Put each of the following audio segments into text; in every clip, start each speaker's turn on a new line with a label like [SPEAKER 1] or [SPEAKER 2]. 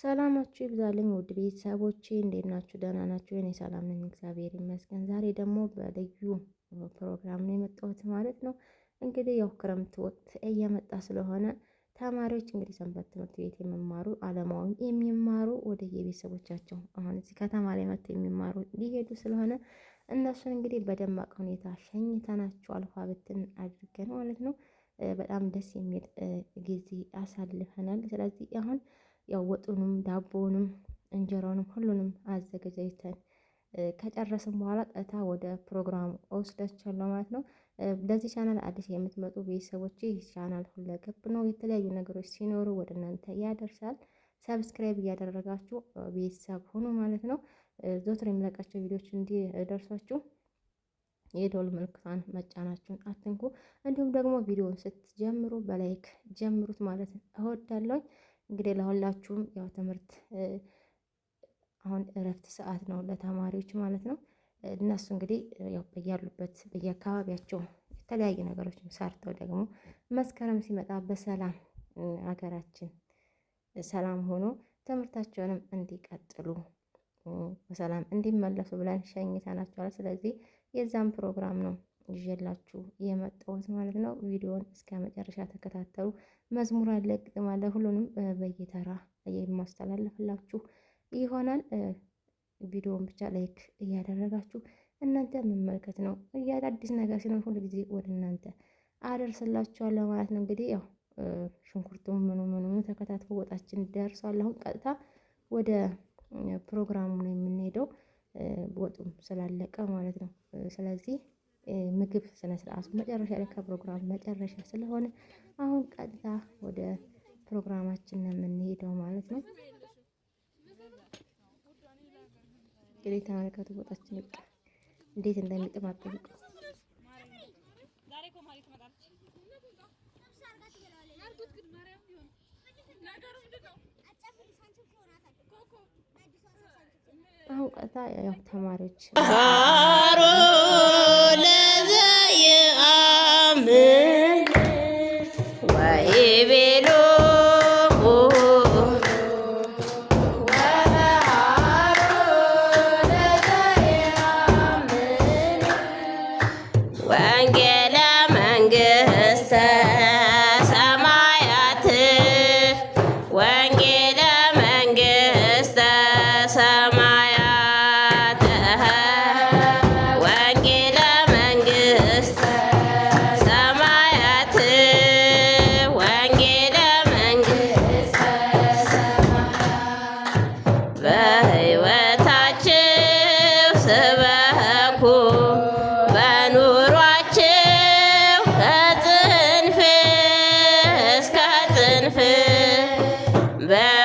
[SPEAKER 1] ሰላማችሁ ይብዛልኝ ውድ ቤተሰቦቼ፣ እንዴት ናችሁ? ደህና ናችሁ? እኔ ሰላም ነኝ፣ እግዚአብሔር ይመስገን። ዛሬ ደግሞ በልዩ ፕሮግራም ነው የመጣሁት ማለት ነው። እንግዲህ ያው ክረምት ወቅት እየመጣ ስለሆነ ተማሪዎች እንግዲህ ሰንበት ትምህርት ቤት የሚማሩ አለማዊ የሚማሩ ወደ የቤተሰቦቻቸው አሁን እዚህ ከተማ ላይ መጥተው የሚማሩ ሊሄዱ ስለሆነ እነሱን እንግዲህ በደማቅ ሁኔታ ሸኝተናቸው አልፋ ብትን አድርገን ማለት ነው። በጣም ደስ የሚል ጊዜ አሳልፈናል። ስለዚህ አሁን ያው ወጡንም ዳቦውንም እንጀራውንም ሁሉንም አዘገጃጅተን ከጨረስን በኋላ ቀጥታ ወደ ፕሮግራሙ እወስዳችኋለሁ ማለት ነው። በዚህ ቻናል አዲስ የምትመጡ ቤተሰቦች ይህ ቻናል ሁለገብ ነው። የተለያዩ ነገሮች ሲኖሩ ወደ እናንተ ያደርሳል። ሰብስክራይብ እያደረጋችሁ ቤተሰብ ሆኖ ማለት ነው። ዞትር የሚለቃቸው ቪዲዮዎች እንዲደርሷችሁ የዶል ምልክቷን መጫናችሁን አትንኩ። እንዲሁም ደግሞ ቪዲዮውን ስትጀምሩ በላይክ ጀምሩት ማለት እወዳለሁ። እንግዲህ ለሁላችሁም ያው ትምህርት አሁን እረፍት ሰዓት ነው ለተማሪዎች ማለት ነው። እነሱ እንግዲህ ያው በያሉበት በየአካባቢያቸው የተለያዩ ነገሮችን ሰርተው ደግሞ መስከረም ሲመጣ በሰላም ሀገራችን ሰላም ሆኖ ትምህርታቸውንም እንዲቀጥሉ በሰላም እንዲመለሱ ብለን ሸኝተናቸዋል። ስለዚህ የዛም ፕሮግራም ነው። ይዤላችሁ የመጣሁት ማለት ነው። ቪዲዮውን እስከ መጨረሻ ተከታተሉ። መዝሙር አለ፣ ግጥም አለ። ሁሉንም በየተራ የማስተላለፍላችሁ ይሆናል። ቪዲዮውን ብቻ ላይክ እያደረጋችሁ እናንተ መመልከት ነው። አዲስ ነገር ሲኖር ሁሉ ጊዜ ወደ እናንተ አደርስላችኋለሁ ማለት ነው። እንግዲህ ያው ሽንኩርቱ ምኑ ምኑ ተከታትፎ ወጣችን ደርሷል። አሁን ቀጥታ ወደ ፕሮግራሙ ነው የምንሄደው፣ ወጡም ስላለቀ ማለት ነው። ስለዚህ ምግብ ስነ ስርዓቱ መጨረሻ ላይ ከፕሮግራም መጨረሻ ስለሆነ አሁን ቀጥታ ወደ ፕሮግራማችን ነው የምንሄደው ማለት ነው። እንግዲህ ተመልከቱ ወጣችን እንዴት እንደሚጥም አሁን ያው ተማሪዎች
[SPEAKER 2] አሮ ወይ that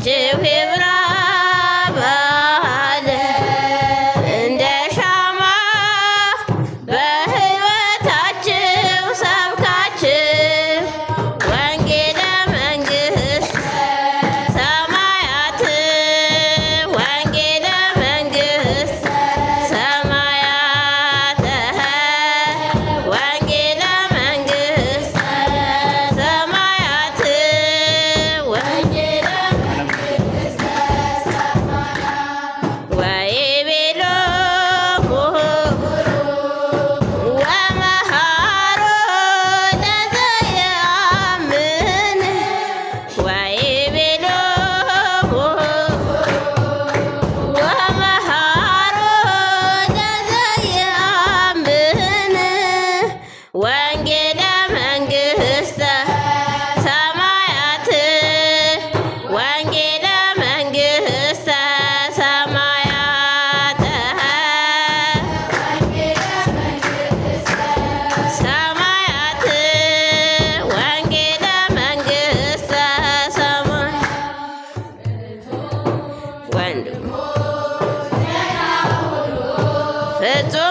[SPEAKER 2] 杰斐逊。Bandu. Fetu.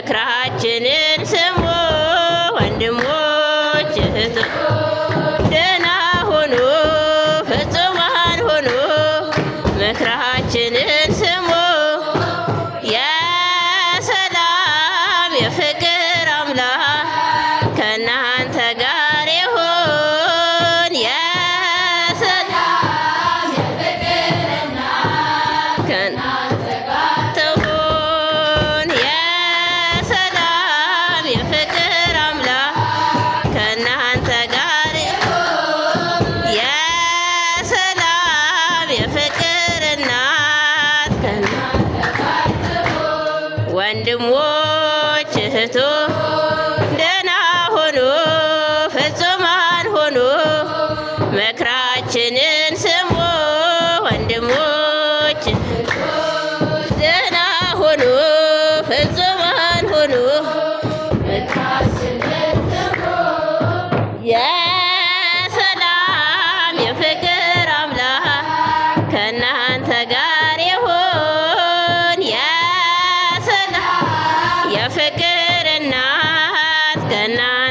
[SPEAKER 2] መክራችንን ስሙ ወንድሞች እህቶች፣ ደህና ሁኑ ፍጹማን ሁኑ። መክራችንን ስሙ የሰላም የፍቅር አምላክ ከእናንተ ጋር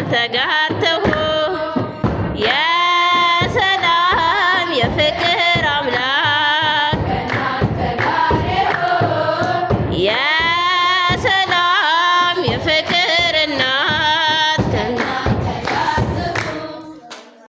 [SPEAKER 2] guy.